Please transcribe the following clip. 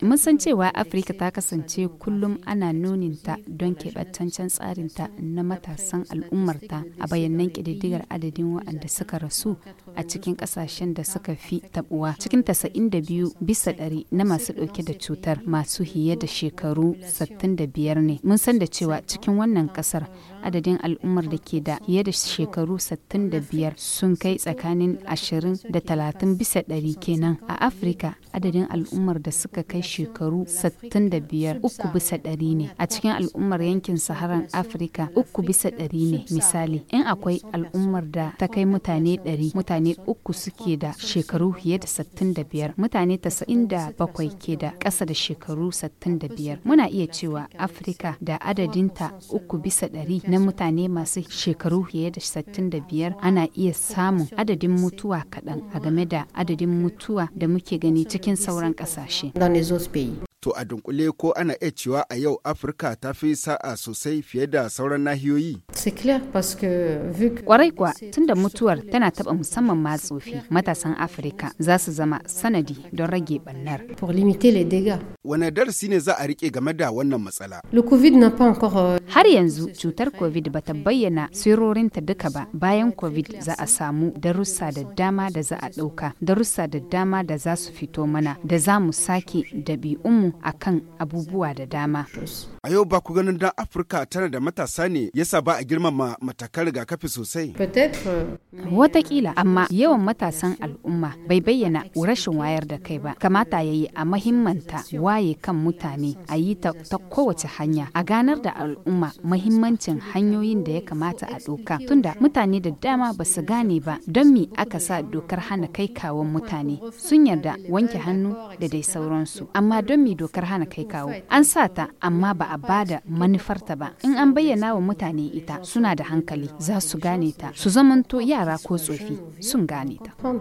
Mun san cewa Afirka ta kasance kullum ana nuninta don keɓantaccen tsarinta na matasan al'ummarta a bayanan ƙididdigar adadin waɗanda suka rasu a cikin ƙasashen da suka fi tabuwa. Cikin biyu bisa ɗari na masu ɗauke da cutar masu hiye da shekaru biyar ne. Mun san da cewa cikin wannan ƙasar adadin al'ummar da ke da hiye da shekaru biyar sun kai tsakanin ashirin da talatin bisa ɗari kenan. A Afirka adadin al'ummar da suka kai shekaru 65 uku bisa ɗari ne a cikin al'ummar yankin saharan afirka uku bisa ɗari ne misali in akwai al'ummar da ta kai mutane ɗari mutane uku suke da shekaru fiye da 65 mutane 97 ke da ƙasa da shekaru 65 muna iya cewa afirka da adadinta uku bisa ɗari na mutane masu shekaru fiye da 65 ana iya samun adadin mutuwa kaɗan a game da adadin mutuwa da muke gani cikin cikin sauran ƙasashe. To a dunkule ko ana iya cewa a yau Afirka ta fi sa'a sosai fiye da sauran nahiyoyi? Kwarai kuwa tunda mutuwar tana taɓa musamman ma tsofi matasan Afirka za su zama sanadi don rage bannar. Wane darasi ne za a rike game da wannan matsala? Euh, Har yanzu cutar COVID ba ta bayyana sirorinta duka ba bayan COVID za a samu darussa da dama da za a ɗauka, darussa da dama da za su fito mana da za mu sake dabi'un a akan abubuwa da dama. A yau ba ku ganin dan Afirka tana da matasa ne yasa ba a girmama matakan rigakafi sosai? Euh, watakila amma yawan matasan al'umma bai bayyana rashin wayar da kai ba. Kamata ya yi a mahimmanta waye kan mutane a yi ta, kowace hanya a ganar da al'umma mahimmancin hanyoyin da ya kamata a ɗauka tunda mutane da dama ba su gane ba don mi aka sa dokar hana kai kawon mutane sun yarda wanke hannu da dai sauransu amma don mi dokar hana kai kawo an sa ta amma ba a bada manufarta ba in an bayyana wa mutane ita suna da hankali za su gane ta su zamanto yara ko tsofi sun gane ta